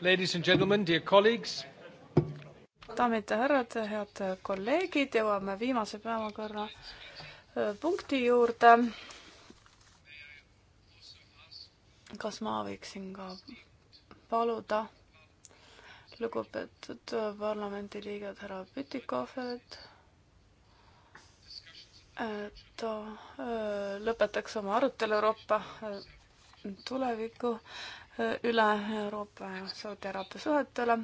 Ladies and gentlemen, dear colleagues. daamid ja härrad, head kolleegid, jõuame viimase päevakorrapunkti äh, juurde. kas ma võiksin ka paluda lugupeetud parlamendiliiget härra Pütikoferit, et ta äh, lõpetaks oma arutelu Euroopa äh, tuleviku üle Euroopa ja Saudi Araabia suhetele.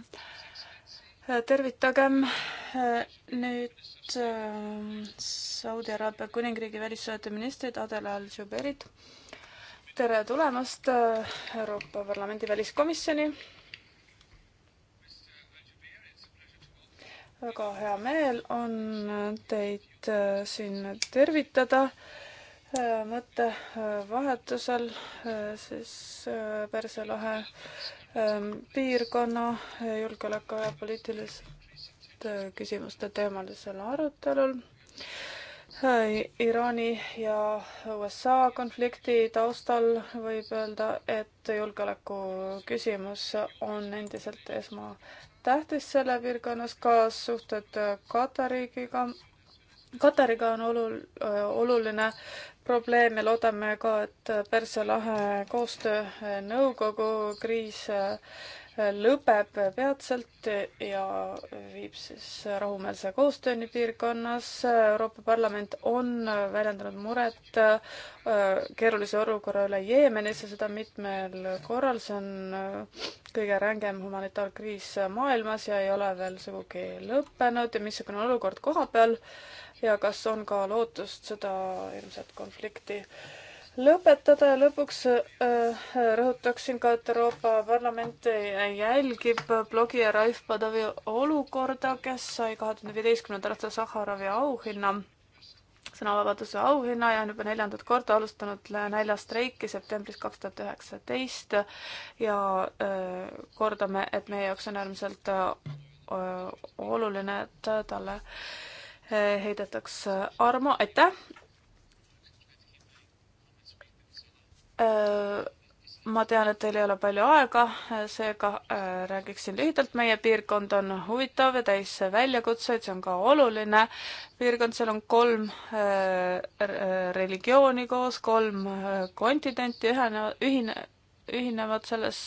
tervitagem eh, nüüd eh, Saudi Araabia kuningriigi välissuheteministrit Adel Al-Juberit. tere tulemast eh, Euroopa Parlamendi väliskomisjoni. väga hea meel on teid siin tervitada mõttevahetusel äh, äh, siis Pärsia äh, lahe ähm, piirkonna julgeoleku ja poliitiliste küsimuste teemalisel arutelul. Iraani ja USA konflikti taustal võib öelda, et julgeoleku küsimus on endiselt esmatähtis selle piirkonnas, ka suhted Katariigiga Katariga on olul-, oluline probleem ja loodame ka, et Pärsia lahe koostöönõukogu kriis lõpeb peatselt ja viib siis rahumeelse koostööni piirkonnas. Euroopa Parlament on väljendanud muret äh, keerulise olukorra üle Jeemenis ja seda mitmel korral. see on äh, kõige rängem humanitaarkriis maailmas ja ei ole veel sugugi lõppenud ja missugune olukord koha peal ja kas on ka lootust seda ilmset konflikti äh, lõpetada ja lõpuks äh, rõhutaksin ka, et Euroopa Parlament jälgib blogija Raif Padavi olukorda, kes sai kahe tuhande viieteistkümnendal aastal Sahharovi auhinna, sõnavabaduse auhinna ja on juba neljandat korda alustanud näljastreiki septembris kaks tuhat üheksateist ja äh, kordame, et meie jaoks on äärmiselt äh, oluline, et talle heidetaks armu, aitäh Äh, ma tean, et teil ei ole palju aega, seega äh, räägiksin lühidalt. meie piirkond on huvitav ja täis väljakutseid, see on ka oluline piirkond, seal on kolm äh, religiooni koos, kolm kontinenti ühene, ühine, ühinevad selles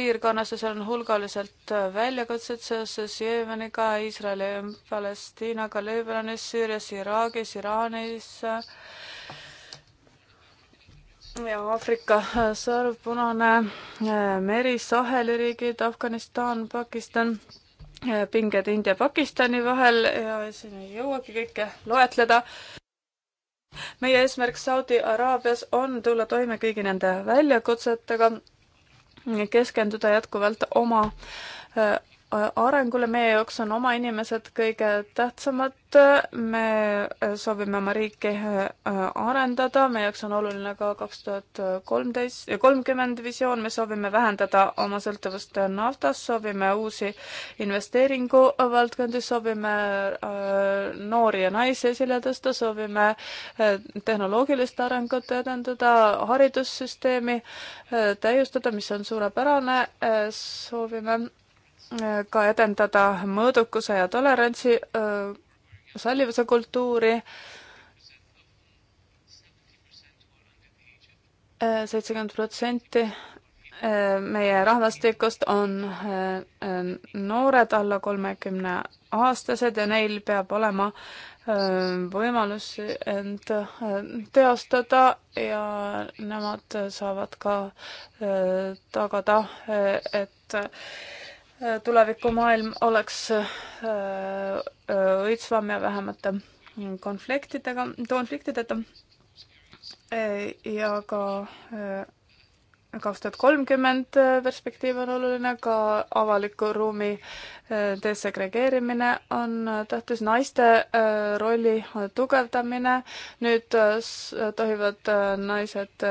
piirkonnas ja seal on hulgaliselt väljakutsed seoses Jeemeniga, Iisraeli, Palestiinaga, Liibanonis, Süürias, Iraagis, Iraanis äh,, ja Aafrika sarv, Punane äh, meri, Saheli riigid, Afganistan, Pakistan, äh, pinged India-Pakistani vahel ja siin ei jõuagi kõike loetleda. meie eesmärk Saudi Araabias on tulla toime kõigi nende väljakutsetega, keskenduda jätkuvalt oma äh, arengule, meie jaoks on oma inimesed kõige tähtsamad, me soovime oma riiki äh, arendada, meie jaoks on oluline ka kaks tuhat kolmteist, kolmkümmend visioon, me soovime vähendada oma sõltuvust naftast, soovime uusi investeeringuvaldkondi, soovime äh, noori ja naisi esile tõsta, soovime äh, tehnoloogilist arengut edendada, haridussüsteemi täiustada, mis on suurepärane, soovime ka edendada mõõdukuse ja tolerantsi äh, sallivuse kultuuri. Äh, seitsekümmend protsenti äh, meie rahvastikust on noored, alla kolmekümne aastased ja neil peab olema võimalus end teostada ja nemad saavad ka tagada, et tulevikumaailm oleks äh, äh, õitsvam ja vähemate konfliktidega, konfliktideta äh, ja ka kaks tuhat kolmkümmend perspektiiv on oluline, ka avaliku ruumi desegregeerimine on tähtis, naiste rolli tugevdamine, nüüd tohivad naised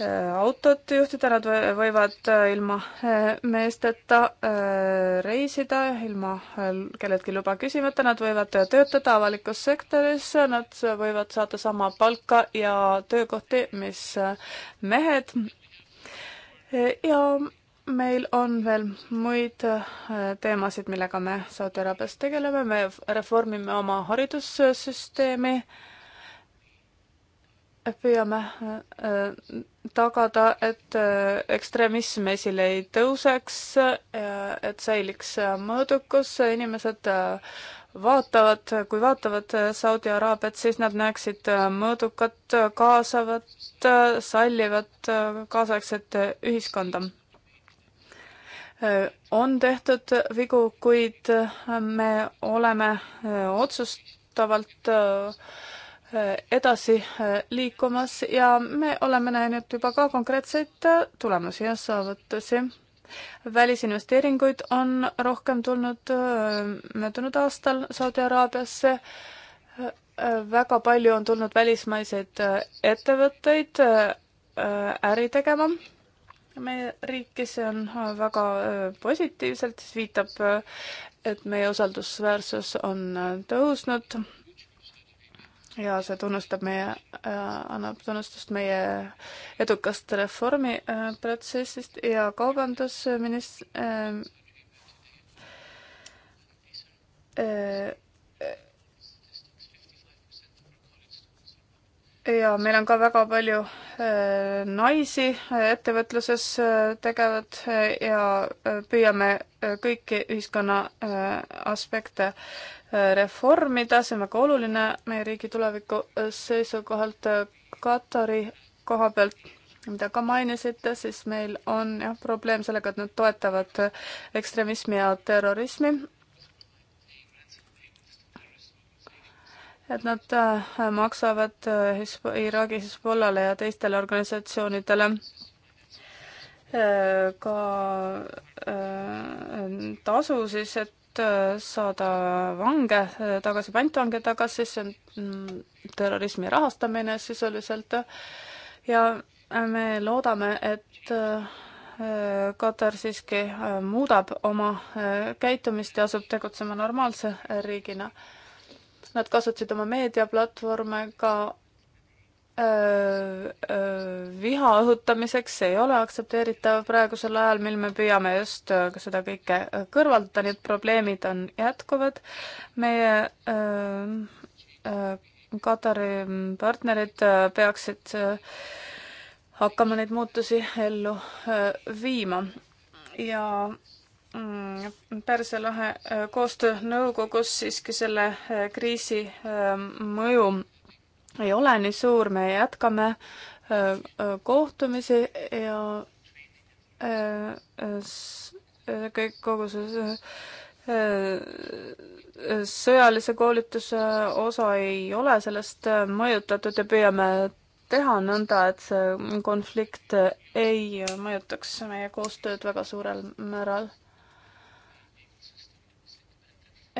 Äh, autot juhtida, nad võivad äh, ilma äh, meesteta reisida, ilma kelleltki luba küsimata, nad võivad töötada avalikus sektoris, nad võivad saada sama palka ja töökohti, mis mehed. ja meil on veel muid teemasid, millega me Saudi Araabias tegeleme, me reformime oma haridussüsteemi püüame tagada, et äh, ekstremism esile ei tõuseks, et säiliks äh, mõõdukus, inimesed äh, vaatavad, kui vaatavad Saudi Araabiat, siis nad näeksid mõõdukat, kaasavat, sallivat, kaasaegset ühiskonda. on tehtud vigu, kuid me oleme otsustavalt Äh, edasi äh, liikumas ja me oleme näinud juba ka konkreetseid äh, tulemusi ja saavutusi. välisinvesteeringuid on rohkem tulnud möödunud aastal Saudi Araabiasse. väga palju on tulnud välismaiseid ettevõtteid äri tegema meie riiki, see on väga positiivselt, siis viitab, et meie usaldusväärsus on tõusnud ja see tunnustab meie, äh, annab tunnustust meie edukast reformiprotsessist äh, ja kaubandusminist- äh,, äh, ja meil on ka väga palju äh, naisi äh, ettevõtluses äh, tegevad ja püüame kõiki ühiskonna aspekte reformida, see on väga oluline meie riigi tuleviku seisukohalt. Katari koha pealt, mida ka mainisite, siis meil on jah probleem sellega, et nad toetavad ekstremismi ja terrorismi et nad äh, maksavad äh, Hisp-, Iraagi Hezbollale ja teistele organisatsioonidele äh, ka tasu siis, et saada vange tagasi, pantvange tagasi, see on mm, terrorismi rahastamine sisuliselt ja me loodame, et Katar siiski muudab oma käitumist ja asub tegutsema normaalse riigina Nad kasutasid oma meediaplatvorme ka öö, öö, viha õhutamiseks, see ei ole aktsepteeritav praegusel ajal, mil me püüame just seda kõike kõrvaldada, nii et probleemid on jätkuvad. meie öö, Katari partnerid peaksid hakkama neid muutusi ellu viima ja Mm, Pärsia lahe äh, koostöönõukogus siiski selle äh, kriisi ähm, mõju ei ole nii suur, me jätkame äh, kohtumisi ja kõik kogu see sõjalise koolituse osa ei ole sellest mõjutatud ja püüame teha nõnda, et see konflikt ei mõjutaks meie koostööd väga suurel määral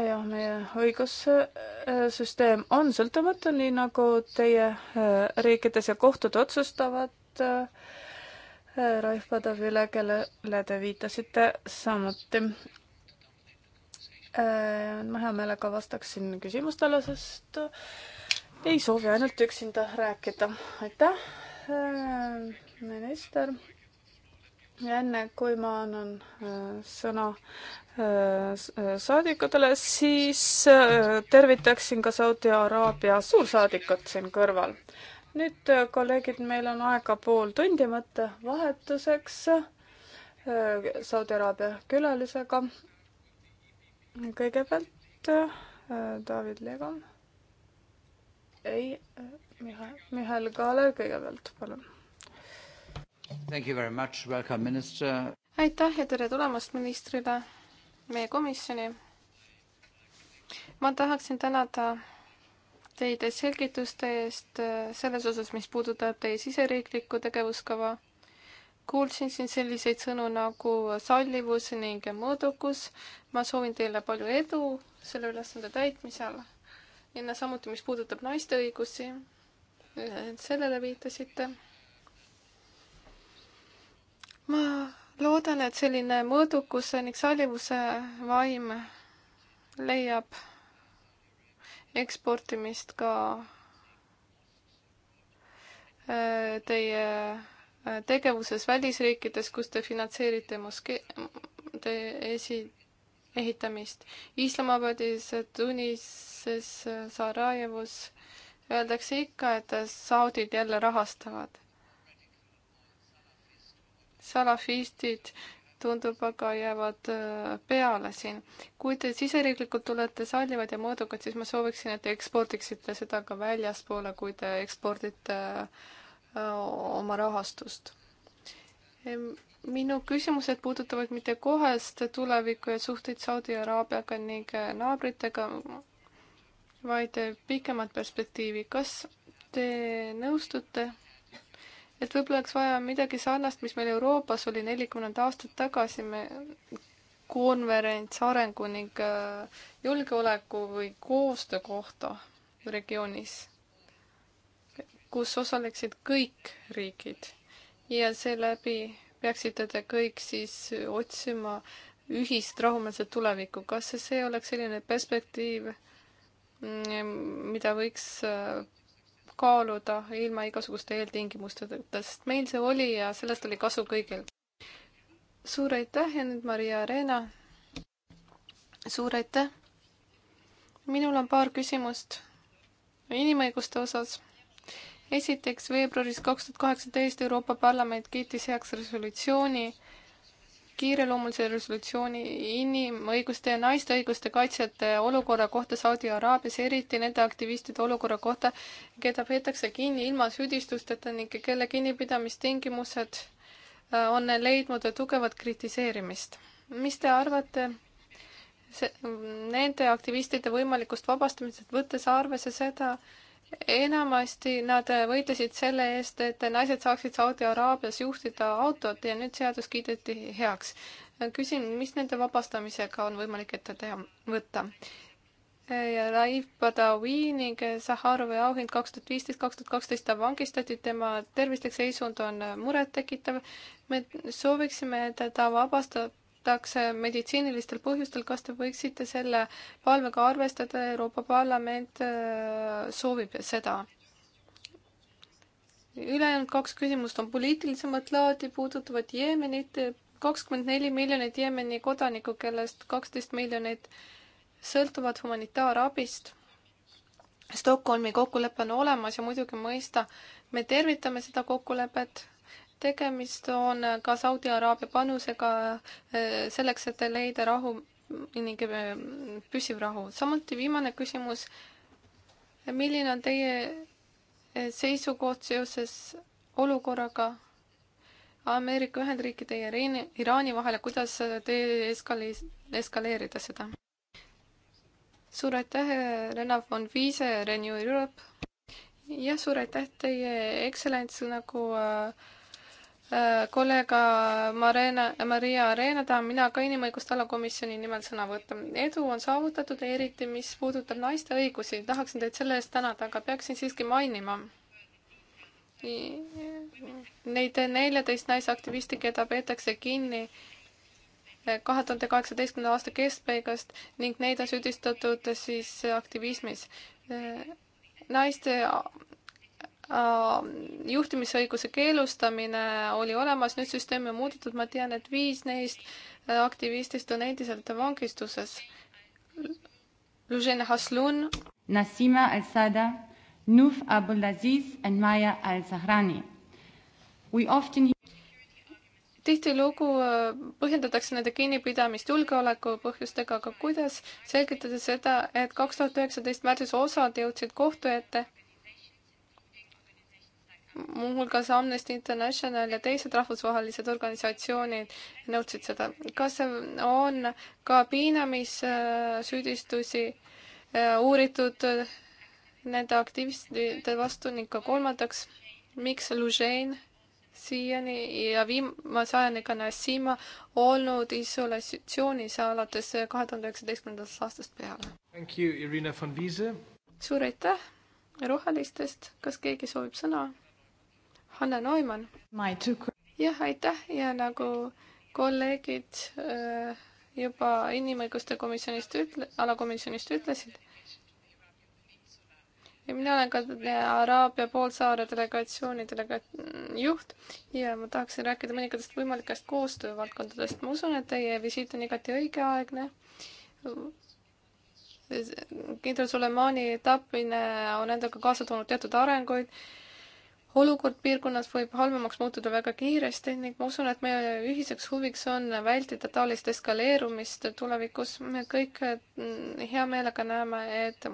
jah, meie õigussüsteem on sõltumatu, nii nagu teie äh, riikides ja kohtud otsustavad äh, Raif Padavi üle, kellele te viitasite samuti. Äh, ma hea meelega vastaksin küsimustele, sest ei soovi ainult üksinda rääkida. aitäh, minister ja enne kui ma annan sõna Äh, saadikutele, siis äh, tervitaksin ka Saudi Araabia suursaadikut siin kõrval. nüüd, äh, kolleegid, meil on aega pool tundi mõttevahetuseks Saudi Araabia külalisega. kõigepealt David Legam. ei, Mihhail, Mihhail Kaaler kõigepealt, palun. Thank you very much, welcome minister. aitäh ja tere tulemast ministrile meie komisjoni. ma tahaksin tänada teid selgituste eest selles osas, mis puudutab teie siseriiklikku tegevuskava. kuulsin siin selliseid sõnu nagu sallivus ning mõõdukus. ma soovin teile palju edu selle ülesande täitmisel. ja samuti, mis puudutab naiste õigusi, sellele viitasite. ma loodan, et selline mõõdukuse ning sallivuse vaim leiab eksportimist ka äh, teie äh, tegevuses välisriikides, kus te finantseerite moskee, teie esi, ehitamist. Islamabadis, Tunises, Sarajevos öeldakse ikka, et saudid jälle rahastavad salafistid tundub aga jäävad äh, peale siin. kui te siseriiklikult olete sallivad ja mõõdukad, siis ma sooviksin, et te ekspordiksite seda ka väljaspoole, kui te ekspordite äh, oma rahastust. minu küsimused puudutavad mitte kohest tulevikku ja suhteid Saudi Araabiaga ning äh, naabritega, vaid pikemat perspektiivi. kas te nõustute et võib-olla oleks vaja midagi sarnast, mis meil Euroopas oli nelikümmend aastat tagasi, me konverents arengu ning äh, julgeoleku või koostöö kohta regioonis, kus osaleksid kõik riigid ja seeläbi peaksite te kõik siis otsima ühist rahumeelset tulevikku, kas see oleks selline perspektiiv, mm, mida võiks äh, kaaluda ilma igasuguste eeltingimusteta, sest meil see oli ja sellest oli kasu kõigil. suur aitäh ja nüüd Maria Reena. suur aitäh. minul on paar küsimust inimõiguste osas. esiteks veebruaris kaks tuhat kaheksateist Euroopa Parlament kiitis heaks resolutsiooni kiireloomulise resolutsiooni inimõiguste ja naiste õiguste kaitsjate olukorra kohta Saudi Araabias, eriti nende aktivistide olukorra kohta, keda peetakse kinni ilma süüdistusteta ning kelle kinnipidamistingimused äh, on leidnud tugevat kritiseerimist. mis te arvate see, nende aktivistide võimalikust vabastamisest, võttes arvesse seda, enamasti nad võitlesid selle eest, et naised saaksid Saudi Araabias juhtida autot ja nüüd seadus kiideti heaks. küsin, mis nende vabastamisega on võimalik ette teha, võtta? ja Raif Badawi ning Saharovi auhind kaks tuhat viisteist, kaks tuhat kaksteist ta vangistati, tema tervislik seisund on murettekitav. me sooviksime, et ta vabastab tahetakse meditsiinilistel põhjustel, kas te võiksite selle palvega arvestada, Euroopa Parlament äh, soovib seda? ülejäänud kaks küsimust on poliitilisemat laadi, puudutavad Jeemenit, kakskümmend neli miljonit Jeemeni kodanikku, kellest kaksteist miljonit sõltuvad humanitaarabist. Stockholmi kokkulepe on olemas ja muidugi mõista, me tervitame seda kokkulepet tegemist on ka Saudi Araabia panusega eh, selleks, et leida rahu ning eh, püsiv rahu. samuti viimane küsimus. milline on teie eh, seisukoht seoses olukorraga Ameerika Ühendriikide ja Iraani vahel ja kuidas te eskale-, eskaleerida seda? suur aitäh, Renat von Wiese, Renew Europe. jah, suur aitäh teie ekstsellents nagu äh, Äh, kollega Marena, Maria Arena tahan mina ka inimõiguste alakomisjoni nimel sõna võtta. edu on saavutatud, eriti mis puudutab naiste õigusi. tahaksin teid selle eest tänada, aga peaksin siiski mainima neid neljateist naisaktivisti, keda peetakse kinni eh, kahe tuhande kaheksateistkümnenda aasta keskpaigast ning neid on süüdistatud siis aktivismis. Eh, naiste Äh, juhtimisõiguse keelustamine oli olemas, nüüd süsteemi on muudetud, ma tean, et viis neist äh, aktivistist on endiselt vangistuses. Lužen Haslun. Nassima Al-Sada, Nuf Abulaziz and Maya Al-Zahrani. We often tihtilugu äh, põhjendatakse nende kinnipidamist julgeoleku põhjustega, aga kuidas selgitada seda, et kaks tuhat üheksateist märtsis osad jõudsid kohtu ette muuhulgas Amnesty International ja teised rahvusvahelised organisatsioonid nõudsid seda. kas on ka piinamissüüdistusi äh, uuritud nende aktivistide vastu ning ka kolmandaks, miks Lužein siiani ja viimase ajani ka Nassima olnud isolatsioonis alates kahe tuhande üheksateistkümnendast aastast peale? suur aitäh rohelistest, kas keegi soovib sõna? Hanna Neumann. jah, aitäh ja nagu kolleegid äh, juba inimõiguste komisjonist ütle, alakomisjonist ütlesid, ja mina olen ka äh, Araabia poolsaare delegatsiooni delega-, juht ja ma tahaksin rääkida mõningatest võimalikest koostöövaldkondadest. ma usun, et teie visiit on igati õigeaegne. kindral Sulemani tapmine on endaga kaasa toonud teatud arenguid olukord piirkonnas võib halvemaks muutuda väga kiiresti ning ma usun, et meie ühiseks huviks on vältida taolist eskaleerumist tulevikus. me kõik mm, hea meelega näeme, et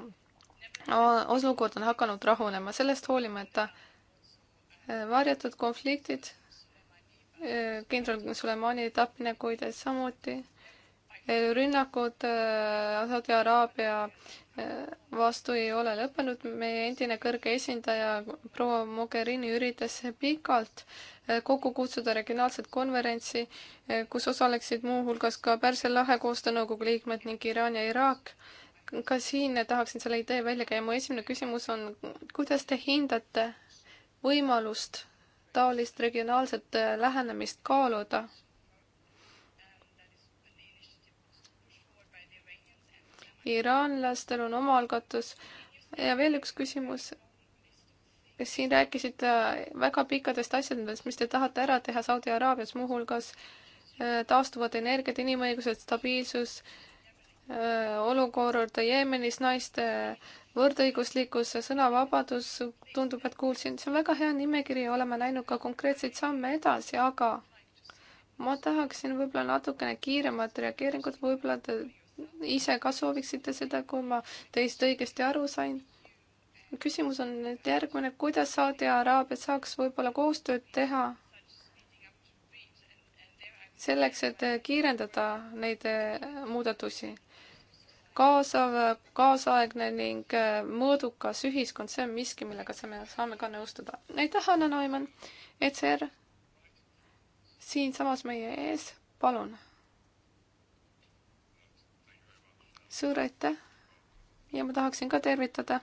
olukord on hakanud rahunema, sellest hoolimata äh, varjatud konfliktid, äh, kindral Sulemani tapmine, kuid samuti äh, rünnakud Saudi-Araabia vastu ei ole lõppenud. meie endine kõrge esindaja proua Mogherini üritas pikalt eh, kokku kutsuda regionaalset konverentsi, eh, kus osaleksid muuhulgas ka Pärsia lahe koostöönõukogu liikmed ning Iraan ja Iraak. ka siin tahaksin selle idee välja käia. mu esimene küsimus on, kuidas te hindate võimalust taolist regionaalset eh, lähenemist kaaluda? iraanlastel on omaalgatus. ja veel üks küsimus. siin rääkisite äh, väga pikkadest asjadest, mis te tahate ära teha Saudi Araabias, muuhulgas äh, taastuvad energiat, inimõigused, stabiilsus, äh, olukord Jeemenis, naiste võrdõiguslikkus, sõnavabadus, tundub, et kuulsin, see on väga hea nimekiri ja oleme näinud ka konkreetseid samme edasi, aga ma tahaksin võib-olla natukene kiiremat reageeringut, võib-olla te ise ka sooviksite seda, kui ma teist õigesti aru sain. küsimus on nüüd järgmine, kuidas Saudi Araabia saaks võib-olla koostööd teha selleks, et kiirendada neid eh, muudatusi? kaasav, kaasaegne ning eh, mõõdukas ühiskond, see on miski, millega me saame ka nõustuda. aitäh, Anna Neumann, ECR, siinsamas meie ees, palun suur aitäh ja ma tahaksin ka tervitada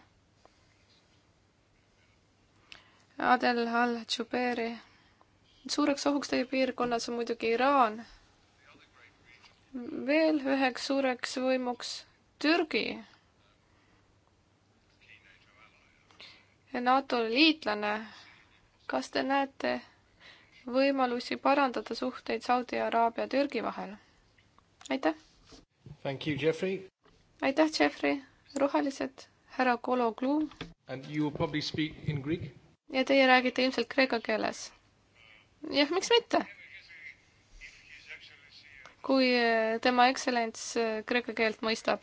Adel Al-Jubeeri. suureks ohuks teie piirkonnas on muidugi Iraan. veel üheks suureks võimuks Türgi. NATO liitlane, kas te näete võimalusi parandada suhteid Saudi Araabia ja Türgi vahel? aitäh! Thank you, Jeffrey aitäh, Jeffrey, rohelised, härra Kologlu. ja teie räägite ilmselt kreeka keeles. jah, miks mitte? kui äh, tema ekstsellents äh, kreeka keelt mõistab,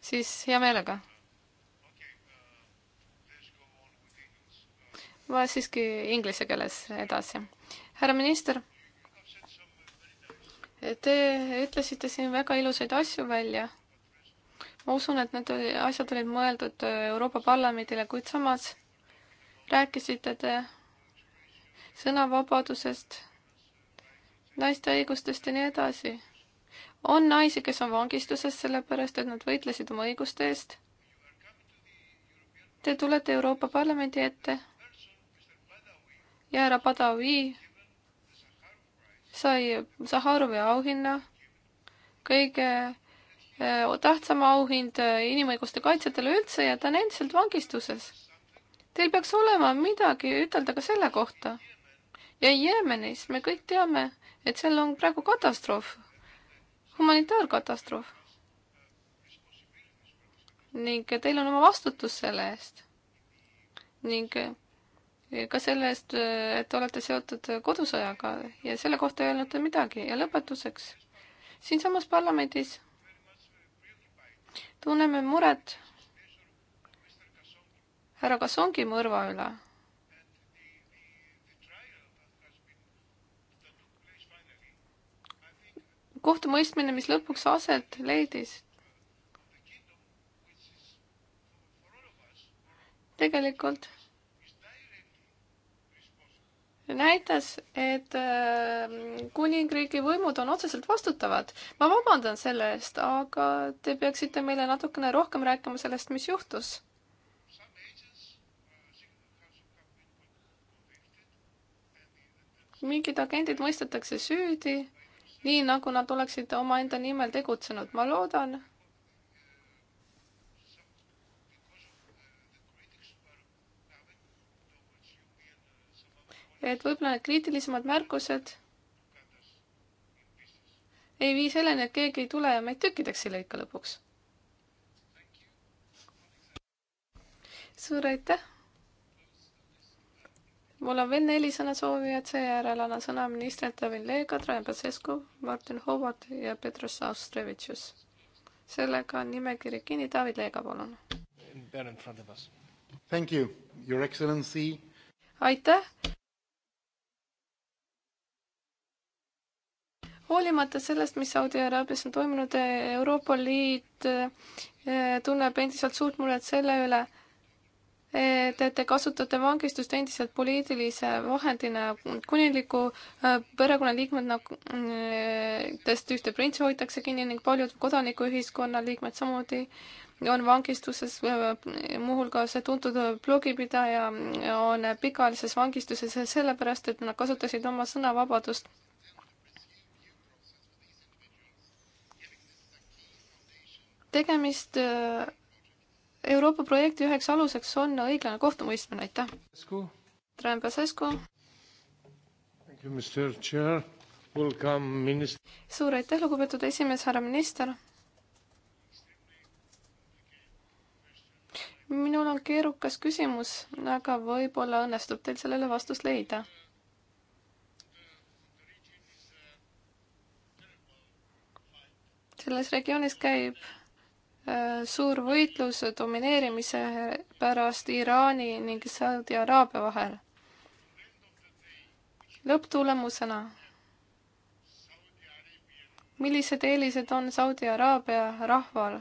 siis hea meelega. ma siiski inglise keeles edasi. härra minister, te ütlesite siin väga ilusaid asju välja ma usun, et need oli, asjad olid mõeldud äh, Euroopa Parlamendile, kuid samas rääkisite te sõnavabadusest, naiste õigustest ja nii edasi. on naisi, kes on vangistuses sellepärast, et nad võitlesid oma õiguste eest. Te tulete Euroopa Parlamendi ette ja härra Padavi sai Saharovi auhinna kõige Eh, tähtsam auhind eh, inimõiguste kaitsjatele üldse ja ta on endiselt vangistuses. Teil peaks olema midagi ütelda ka selle kohta. ja Jeemenis me kõik teame, et seal on praegu katastroof, humanitaarkatastroof. ning teil on oma vastutus selle eest. ning eh, ka selle eest, et olete seotud kodusõjaga ja selle kohta ei öelnud te midagi ja lõpetuseks siinsamas parlamendis tunneme muret härra Kassongi mõrva üle. kohtumõistmine, mis lõpuks aset leidis, tegelikult näitas, et äh, kuningriigi võimud on otseselt vastutavad. ma vabandan selle eest, aga te peaksite meile natukene rohkem rääkima sellest, mis juhtus. mingid agendid mõistetakse süüdi, nii nagu nad oleksid omaenda nimel tegutsenud. ma loodan, et võib-olla need kriitilisemad märkused ei vii selleni, et keegi ei tule ja meid tükkideks ei lõika lõpuks. suur aitäh! mul on veel neli sõnasoovijat, seejärel annan sõna ministritele Leega, Trajan Pasescu, Martin Howard ja Petros Austrevitšus. sellega on nimekiri kinni, David Leega, palun. Thank you, your excellency. aitäh, hoolimata sellest, mis Saudi Araabias on toimunud, Euroopa Liit eh, tunneb endiselt suurt muret selle üle, et te kasutate vangistust endiselt poliitilise vahendina, kuningliku eh, perekonnaliikmed nagu mm, test ühte printsi hoitakse kinni ning paljud kodanikuühiskonna liikmed samuti on vangistuses, eh, muuhulgas tuntud blogipidaja on pikaajalises vangistuses sellepärast, et nad kasutasid oma sõnavabadust tegemist äh, Euroopa projekti üheks aluseks on õiglane kohtumõistmine, aitäh. Trem Pasescu. suur aitäh, lugupeetud esimees, härra minister. minul on keerukas küsimus, aga võib-olla õnnestub teil sellele vastust leida selles regioonis käib suur võitlus domineerimise pärast Iraani ning Saudi Araabia vahel. lõpptulemusena, millised eelised on Saudi Araabia rahval?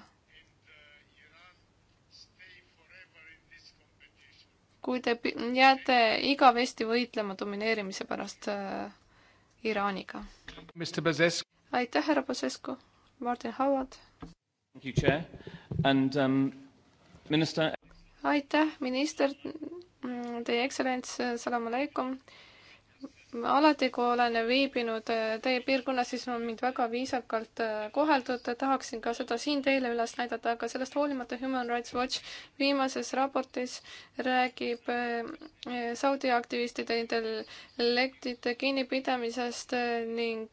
kui te jääte igavesti võitlema domineerimise pärast äh, Iraaniga. aitäh, härra Pasescu, Martin Howard Um, aitäh, minister, mm, teie ekstsellents, äh, salam aleikum alati, kui olen viibinud äh, teie piirkonnas, siis on mind väga viisakalt äh, koheldud, tahaksin ka seda siin teile üles näidata, aga sellest hoolimata Human Rights Watch viimases raportis räägib äh, Saudi aktivistide intellektide kinnipidamisest ning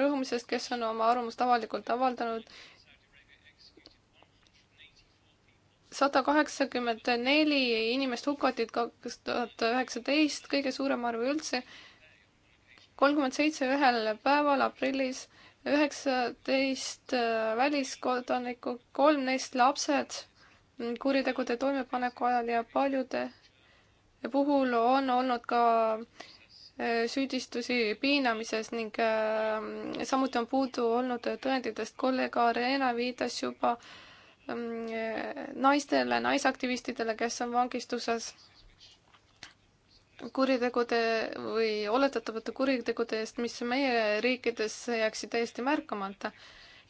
rõhumisest, kes on oma arvamust avalikult avaldanud sada kaheksakümmend neli inimest hukatid kaks tuhat üheksateist, kõige suurem arv üldse. kolmkümmend seitse ühel päeval aprillis, üheksateist väliskodanikku, kolm neist lapsed kuritegude toimepaneku ajal ja paljude puhul on olnud ka äh, süüdistusi piinamises ning äh, samuti on puudu olnud tõenditest. kolleeg Arena viitas juba äh, Ehm, eh, naistele, naisaktivistidele, kes on vangistuses kuritegude või oletatavate kuritegude eest, mis meie riikides jääksid täiesti märkamata.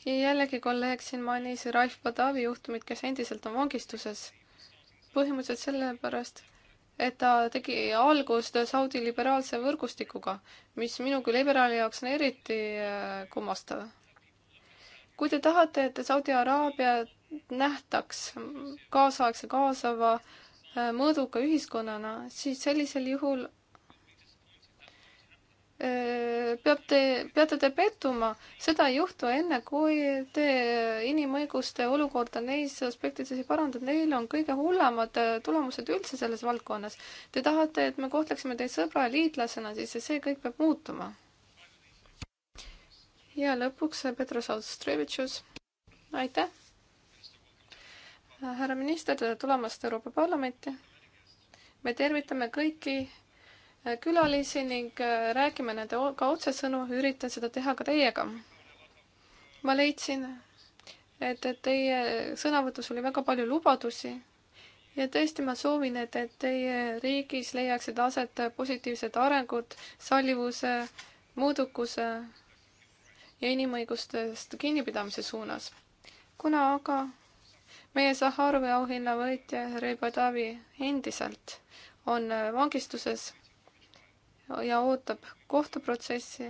ja jällegi kolleeg siin mainis Raif Badavi juhtumit, kes endiselt on vangistuses. põhimõtteliselt sellepärast, et ta tegi algust Saudi liberaalse võrgustikuga, mis minu kui liberaali jaoks on eriti eh, kummastav. kui te tahate, et Saudi Araabia nähtaks kaasaegse kaasava äh, mõõduka ühiskonnana, siis sellisel juhul äh, peab te, peate te pettuma, seda ei juhtu enne, kui te inimõiguste olukorda neis aspektides ei paranda, neil on kõige hullemad äh, tulemused üldse selles valdkonnas. Te tahate, et me kohtleksime teid sõbra ja liitlasena, siis see kõik peab muutuma. ja lõpuks Petros Austrevitšus, aitäh! härra minister, tere tulemast Euroopa Parlamenti. me tervitame kõiki äh, külalisi ning äh, räägime nende ka otsesõnu, üritan seda teha ka teiega. ma leidsin, et, et teie sõnavõtus oli väga palju lubadusi ja tõesti, ma soovin, et, et teie riigis leiaksid aset positiivsed arengud sallivuse, mõõdukuse ja inimõigustest kinnipidamise suunas. kuna aga meie Sahharovi auhinna võitja Reiba Tavi endiselt on äh, vangistuses ja ootab kohtuprotsessi,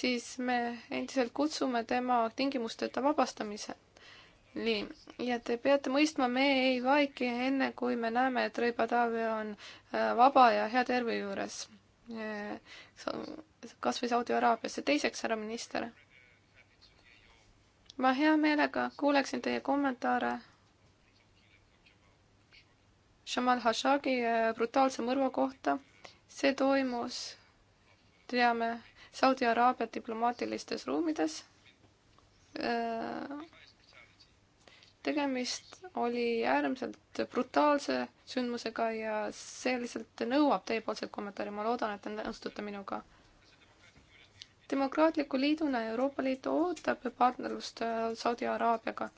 siis me endiselt kutsume tema tingimusteta vabastamisele nii, ja te peate mõistma, me ei vaiki enne, kui me näeme, et Rõiba Taavi on äh, vaba ja hea terve juures. Äh, kas või Saudi Araabiasse. teiseks, härra minister, ma hea meelega kuuleksin teie kommentaare Shamal Hashagi äh, brutaalse mõrva kohta. see toimus, teame, Saudi Araabia diplomaatilistes ruumides. Äh, tegemist oli äärmiselt brutaalse sündmusega ja see lihtsalt nõuab teiepoolset kommentaari, ma loodan, et te nõustute minuga demokraatliku liiduna Euroopa Liit ootab partnerlust äh, Saudi Araabiaga,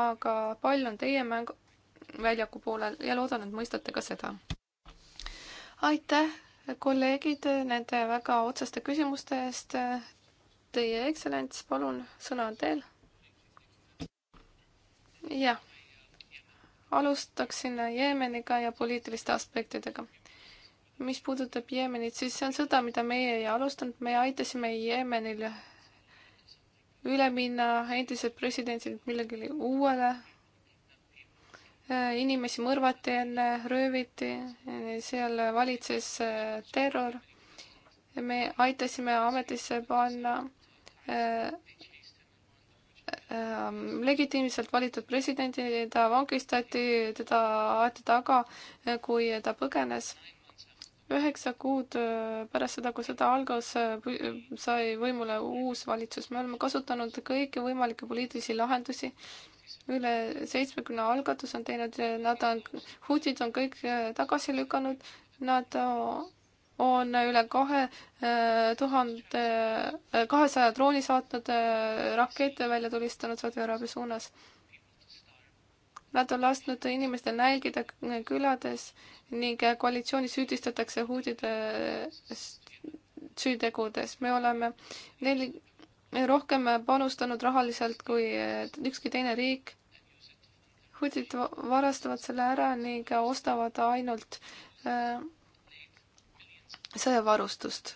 aga pall on teie mängu, väljaku poolel ja loodan, et mõistate ka seda. aitäh, kolleegid, nende väga otseste küsimuste eest. Teie ekstsellents, palun, sõna on teil. jah, alustaksin Jeemeniga ja poliitiliste aspektidega mis puudutab Jeemenit, siis see on sõda, mida meie ei alustanud, me aitasime Jeemenil üle minna endiselt presidendilt millegile uuele Äh, inimesi mõrvati jälle, rööviti, seal valitses äh, terror. me aitasime ametisse panna äh, legitiimselt valitud presidendi, ta vangistati, teda aeti taga, kui ta põgenes üheksa kuud pärast seda, kui sõda algas, sai võimule uus valitsus. me oleme kasutanud kõiki võimalikke poliitilisi lahendusi üle seitsmekümne algatuse on teinud, nad on, hutid on kõik äh, tagasi lükanud, nad äh, on üle kahe äh, tuhande, kahesaja drooni saatnud, rakette välja tulistanud Saudi Araabia suunas. Nad on lasknud inimestel nälgida külades ning koalitsiooni süüdistatakse huutide süütegudes. me oleme neli rohkem äh, panustanud rahaliselt kui äh, ükski teine riik. hutid varastavad selle ära ning ostavad ainult äh, sõjavarustust.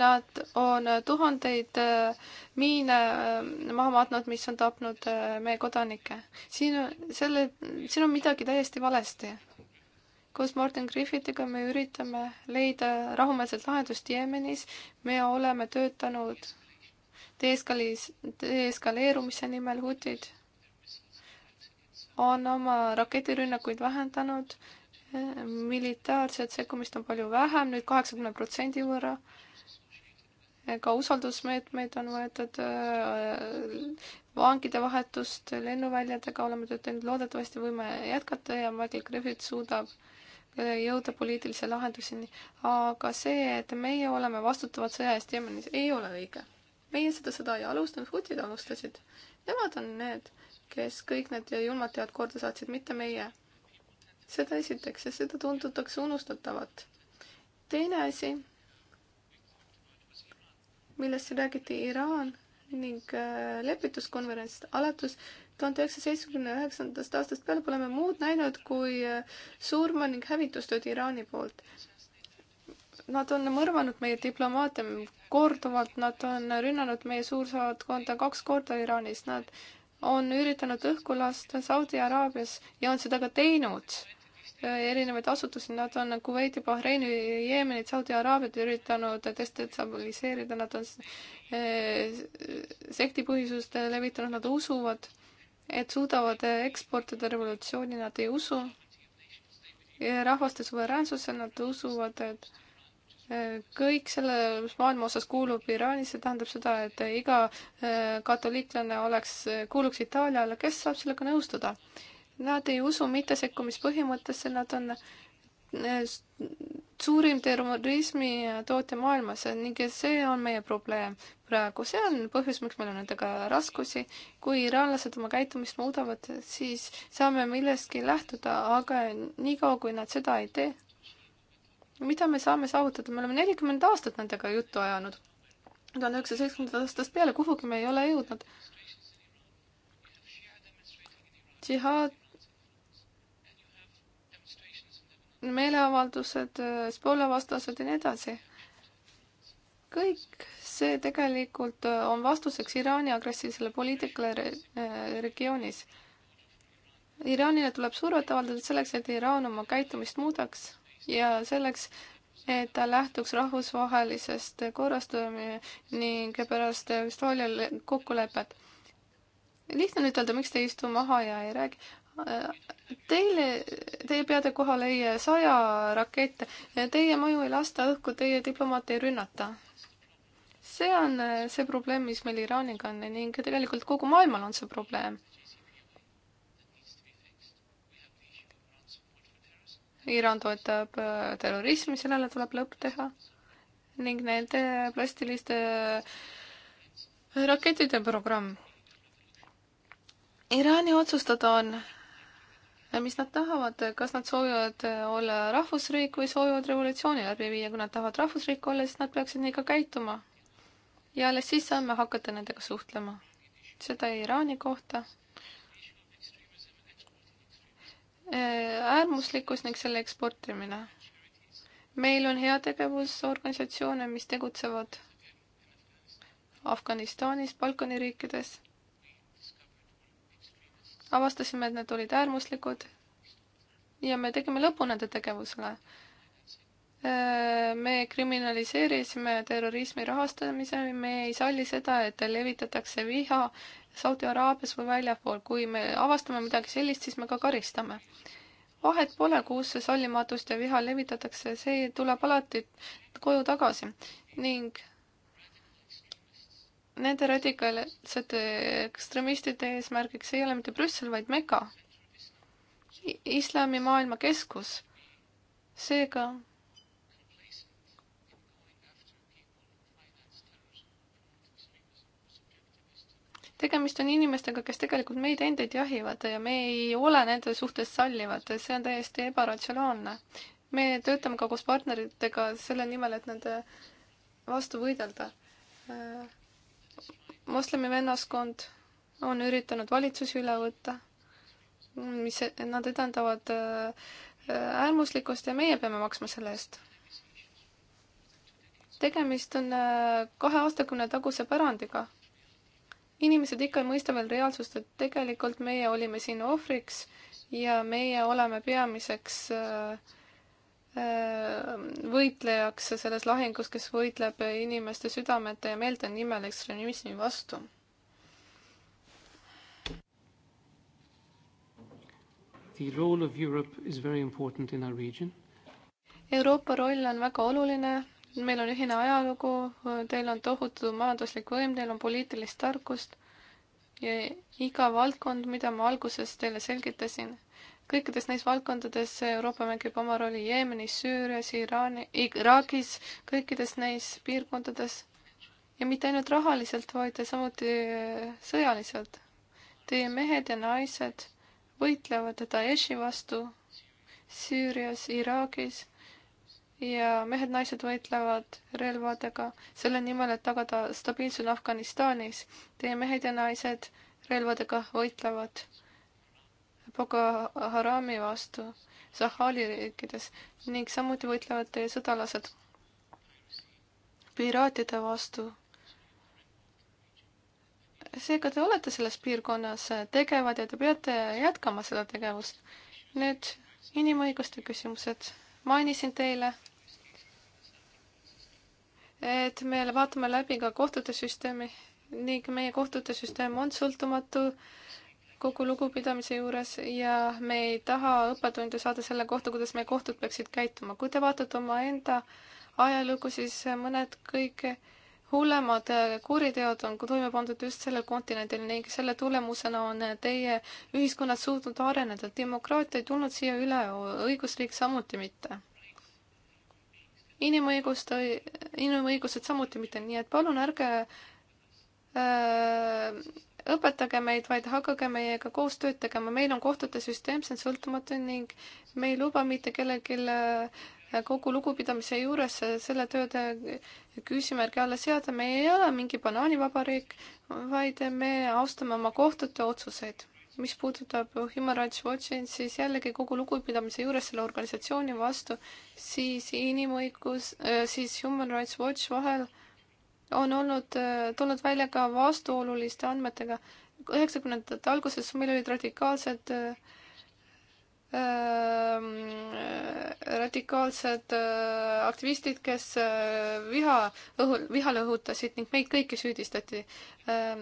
Nad on tuhandeid miine maha matnud, mis on tapnud meie kodanikke. siin, selle, siin on midagi täiesti valesti koos Martin Griffithiga me üritame leida rahumeelset lahendust Jeemenis. me oleme töötanud deeskalis, deeskaleerumise nimel hutid on oma raketirünnakuid vähendanud, militaarset sekkumist on palju vähem, nüüd kaheksakümne protsendi võrra. ka usaldusmeetmeid on võetud, äh, vangide vahetust lennuväljadega oleme tööd teinud, loodetavasti võime jätkata ja Michael Griffith suudab äh, jõuda poliitilise lahenduseni, aga see, et meie oleme vastutavad sõja eest Jemenis, ei ole õige. meie seda sõda ei alustanud, hutid alustasid. Nemad on need, kes kõik need julmad teod korda saatsid, mitte meie. seda esiteks ja seda tundutakse unustatavat. teine asi, millest siin räägiti, Iraan ning äh, lepituskonverentsist alates tuhande üheksasaja seitsmekümne üheksandast aastast peale pole me muud näinud kui äh, surma ning hävitustööd Iraani poolt. Nad on mõrvanud meie diplomaate korduvalt, nad on rünnanud meie suursaatkonda kaks korda Iraanis, nad on üritanud õhku lasta Saudi Araabias ja on seda ka teinud Äh, erinevaid asutusi, nad on Kuveiti, Bahreini, Jeemenit, Saudi Araabiat üritanud destabiliseerida, nad on äh, sektipõhisust levitanud, nad usuvad, et suudavad eksportida revolutsiooni, nad ei usu äh, rahvaste suveräänsusse, nad usuvad, et kõik selles maailma osas kuulub Iraani, see tähendab seda, et iga katoliiklane oleks, kuuluks Itaaliale, kes saab sellega nõustuda? Nad ei usu mittesekkumispõhimõttesse, nad on eh, suurim terrorismi eh, tootja maailmas ning see on meie probleem praegu. see on põhjus, miks meil on nendega raskusi. kui iraanlased oma käitumist muudavad, siis saame millestki lähtuda, aga niikaua, kui nad seda ei tee, mida me saame saavutada, me oleme nelikümmend aastat nendega juttu ajanud. tuhande üheksasaja seitsmekümnendast aastast peale kuhugi me ei ole jõudnud. džihaad meeleavaldused, Hezbollah vastased ja nii edasi. kõik see tegelikult on vastuseks Iraani agressiivsele poliitikale re äh, regioonis. Iraanile tuleb survet avaldada selleks, et Iraan oma käitumist muudaks ja selleks, et ta lähtuks rahvusvahelisest korrast ning pärast Austraalia kokkulepet. lihtne on ütelda, miks te ei istu maha ja ei räägi, Teile, teie peate kohale ei saja rakette, teie mõju ei lasta õhku, teie diplomaate ei rünnata. see on äh, see probleem, mis meil Iraaniga on ning tegelikult kogu maailmal on see probleem. Iraan toetab äh, terrorismi, sellele tuleb lõpp teha ning nende plastiliste äh, rakettide programm. Iraani otsustada on mis nad tahavad, kas nad soovivad äh, olla rahvusriik või soovivad revolutsiooni läbi viia, kui nad tahavad rahvusriik olla, siis nad peaksid nii ka käituma. ja alles siis saame hakata nendega suhtlema. seda Iraani kohta. Äh, äärmuslikkus ning selle eksportimine. meil on heategevusorganisatsioone, mis tegutsevad Afganistanis, Balkani riikides avastasime, et need olid äärmuslikud ja me tegime lõpu nende tegevusele. Äh, me kriminaliseerisime terrorismi rahastamise, me ei salli seda, et levitatakse viha Saudi Araabias või väljapool, kui me avastame midagi sellist, siis me ka karistame. vahet pole, kus sallimatust ja viha levitatakse, see tuleb alati koju tagasi ning Nende radikaalsete ekstremistide eesmärgiks ei ole mitte Brüssel, vaid Meka, islamimaailma keskus. seega tegemist on inimestega, kes tegelikult meid endid jahivad ja me ei ole nende suhtes sallivad, see on täiesti ebaratsionaalne. me töötame ka koos partneritega selle nimel, et nende vastu võidelda. Äh, moslemi vennaskond on üritanud valitsusi üle võtta, mis, e-, nad edendavad äh, äh, äärmuslikkust ja meie peame maksma selle eest. tegemist on äh, kahe aastakümne taguse pärandiga. inimesed ikka ei mõista veel reaalsust, et tegelikult meie olime siin ohvriks ja meie oleme peamiseks äh, Äh, võitlejaks selles lahingus, kes võitleb inimeste südamete ja meelte nimel ekstremismi vastu. The role of Europe is very important in our region. Euroopa roll on väga oluline, meil on ühine ajalugu, teil on tohutu majanduslik võim, teil on poliitilist tarkust ja iga valdkond, mida ma alguses teile selgitasin kõikides neis valdkondades Euroopa mängib oma rolli Jeemenis, Süürias, Iraani, Iraagis, kõikides neis piirkondades. ja mitte ainult rahaliselt, vaid samuti äh, sõjaliselt. Teie mehed ja naised võitlevad Daeshi vastu Süürias, Iraagis ja mehed-naised võitlevad relvadega selle nimel, et tagada stabiilsus Afganistanis. Teie mehed ja naised relvadega võitlevad Boko Harami vastu Sahali riikides ning samuti võitlevad teie sõdalased piraatide vastu. seega te olete selles piirkonnas tegevad ja te peate jätkama seda tegevust. nüüd inimõiguste küsimused. mainisin teile, et me vaatame läbi ka kohtute süsteemi ning meie kohtute süsteem on sõltumatu äh, kogu lugupidamise juures ja me ei taha õppetunde saada selle kohta, kuidas meie kohtud peaksid käituma. kui te vaatate omaenda ajalugu, siis mõned kõige hullemad kuriteod on toime pandud just sellel kontinendil ning selle tulemusena on teie ühiskonnad suutnud areneda. demokraatia ei tulnud siia üle, õigusriik samuti mitte. inimõiguste, inimõigused samuti mitte, nii et palun ärge äh, õpetage meid, vaid hakake meiega koos tööd tegema, meil on kohtute süsteem, see on sõltumatu ning me ei luba mitte kellelgi äh, kogu lugupidamise juures äh, selle tööde äh, küsimärgi alla seada, me ei ole mingi banaanivabariik, vaid me austame oma kohtute otsuseid. mis puudutab Human Rights Watchi, siis jällegi kogu lugupidamise juures selle organisatsiooni vastu, siis inimõigus, siis Human Rights Watch vahel äh, on olnud, tulnud välja ka vastuoluliste andmetega. üheksakümnendate alguses meil olid radikaalsed ähm, radikaalsed äh, aktivistid, kes äh, viha õhu, vihale õhutasid ning meid kõiki süüdistati. Ähm,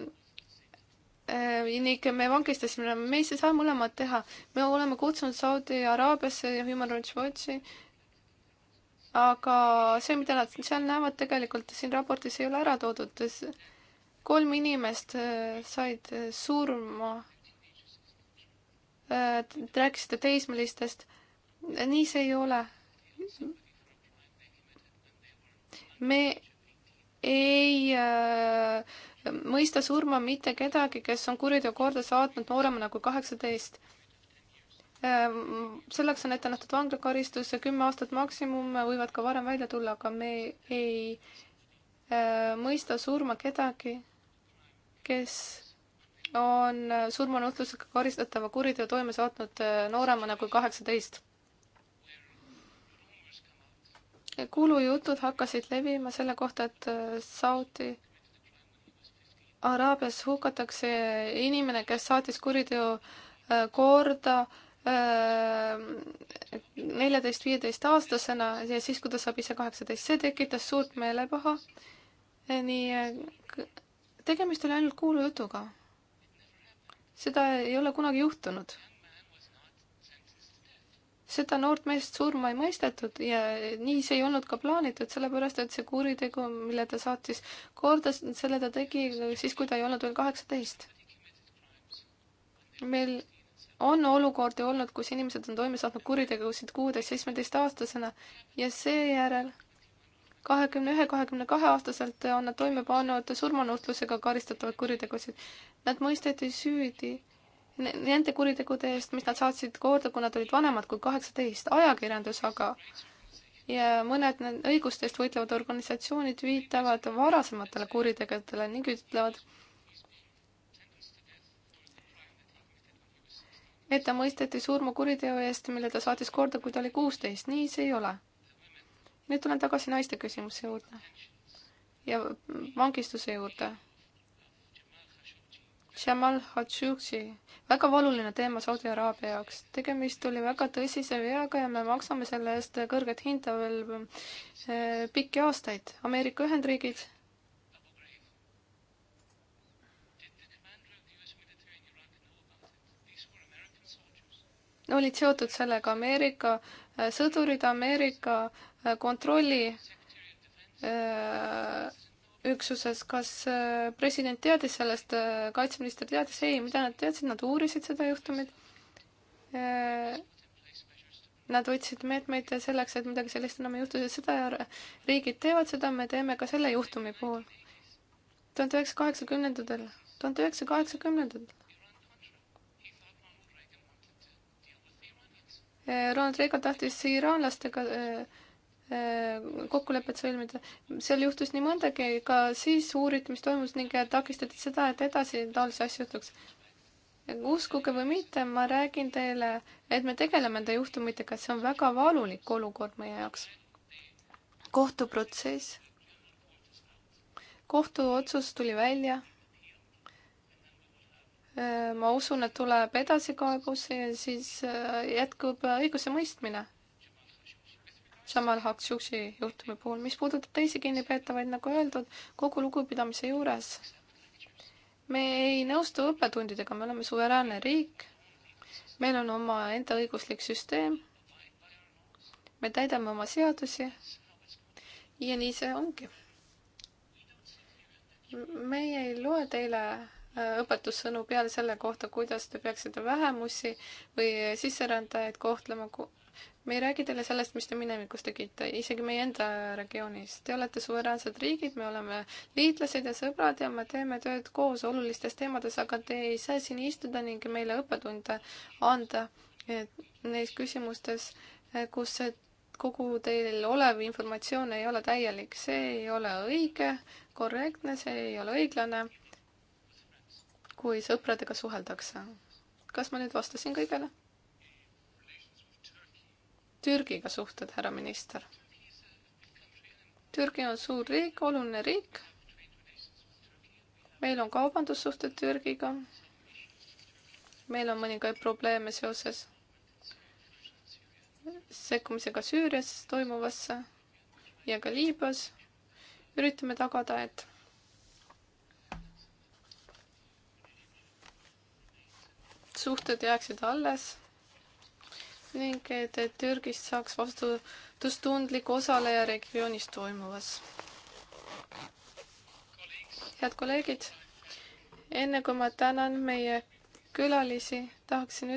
äh, ning me vangistasime, me ei saa mõlemat teha. me oleme kutsunud Saudi Araabiasse ja Human Rights Watchi aga see, mida nad seal näevad, tegelikult siin raportis ei ole ära toodud. kolm inimest äh, said äh, surma. Äh, te rääkisite teismelistest. nii see ei ole. me ei äh, mõista surma mitte kedagi, kes on kuriteo korda saatnud nooremana kui kaheksateist nagu. Ehm, selleks on ette nähtud vanglakaristus ja kümme aastat maksimum, võivad ka varem välja tulla, aga me ei ehm, mõista surma kedagi, kes on surmanuhtlusega karistatava kuriteo toime saatnud ehm, nooremana kui kaheksateist. kuulujutud hakkasid levima selle kohta, et Saudi Araabias hukatakse inimene, kes saatis kuriteo korda Äh, neljateist, viieteist aastasena ja siis, kui ta saab ise kaheksateist, see tekitas suurt meelepaha. Äh, nii, äh, tegemist oli ainult kuulujutuga. seda ei ole kunagi juhtunud. seda noort meest surma ei mõistetud ja nii see ei olnud ka plaanitud, sellepärast et see kuritegu, mille ta saatis korda, selle ta tegi siis, kui ta ei olnud veel kaheksateist. meil on olukordi olnud, kus inimesed on toime saatnud kuritegusid kuueteist-seitsmeteistaastasena ja seejärel kahekümne ühe, kahekümne kahe aastaselt on nad toime pannud surmanuhtlusega karistatavaid kuritegusid. Nad mõisteti süüdi nende kuritegude eest, mis nad saatsid korda, kui nad olid vanemad kui kaheksateist. ajakirjandus aga ja mõned õigustest võitlevad organisatsioonid viitavad varasematele kuritegudele ning ütlevad, et ta mõisteti surma kuriteo eest, mille ta saatis korda, kui ta oli kuusteist. nii see ei ole. nüüd tulen tagasi naiste küsimuse juurde ja vangistuse juurde. Jamal Khashoggi, väga valuline teema Saudi Araabia jaoks. tegemist oli väga tõsise veaga ja me maksame selle eest kõrget hinda veel eh, pikki aastaid. Ameerika Ühendriigid olid seotud sellega Ameerika äh, sõdurid, Ameerika äh, kontrolli äh, üksuses, kas president teadis sellest, kaitseminister teadis, ei, mida nad teadsid, nad uurisid seda juhtumit. Nad võtsid meetmeid selleks, et midagi sellist enam ei juhtu, sest seda riigid teevad, seda me teeme ka selle juhtumi puhul. tuhande üheksasaja kaheksakümnendatel, tuhande üheksasaja kaheksakümnendatel Ronald Reagan tahtis iraanlastega äh, äh, kokkulepet sõlmida. seal juhtus nii mõndagi, ka siis uuriti, mis toimus ning takistati seda, et edasi taolisi asju juhtuks. uskuge või mitte, ma räägin teile, et me tegeleme nende juhtumitega, see on väga valulik olukord meie jaoks. kohtuprotsess. kohtuotsus tuli välja Äh, ma usun, et tuleb edasikaebus ja siis äh, jätkub äh, õigusemõistmine. Jamal Hakšuksi juhtumi puhul, mis puudutab teisi kinnipeetavaid, nagu öeldud, kogu lugupidamise juures me ei nõustu õppetundidega, me oleme suveräänne riik, meil on omaenda õiguslik süsteem, me täidame oma seadusi ja nii see ongi. meie ei loe teile õpetussõnu peale selle kohta, kuidas te peaksite vähemusi või sisserändajaid kohtlema. me ei räägi teile sellest, mis te minevikus tegite, isegi meie enda regioonis. Te olete suveräänsed riigid, me oleme liitlased ja sõbrad ja me teeme tööd koos olulistes teemades, aga te ei saa siin istuda ning meile õppetunde anda neis küsimustes, kus see kogu teil olev informatsioon ei ole täielik, see ei ole õige, korrektne, see ei ole õiglane kui sõpradega suheldakse. kas ma nüüd vastasin kõigele? Türgiga suhted, härra minister. Türgi on suur riik, oluline riik. meil on kaubandussuhted Türgiga. meil on mõningaid probleeme seoses sekkumisega Süürias toimuvasse ja ka Liibüas. üritame tagada, et suhted jääksid alles ning et Türgist saaks vastutustundlik osaleja regioonis toimuvas. head kolleegid, enne kui ma tänan meie külalisi, tahaksin ütelda,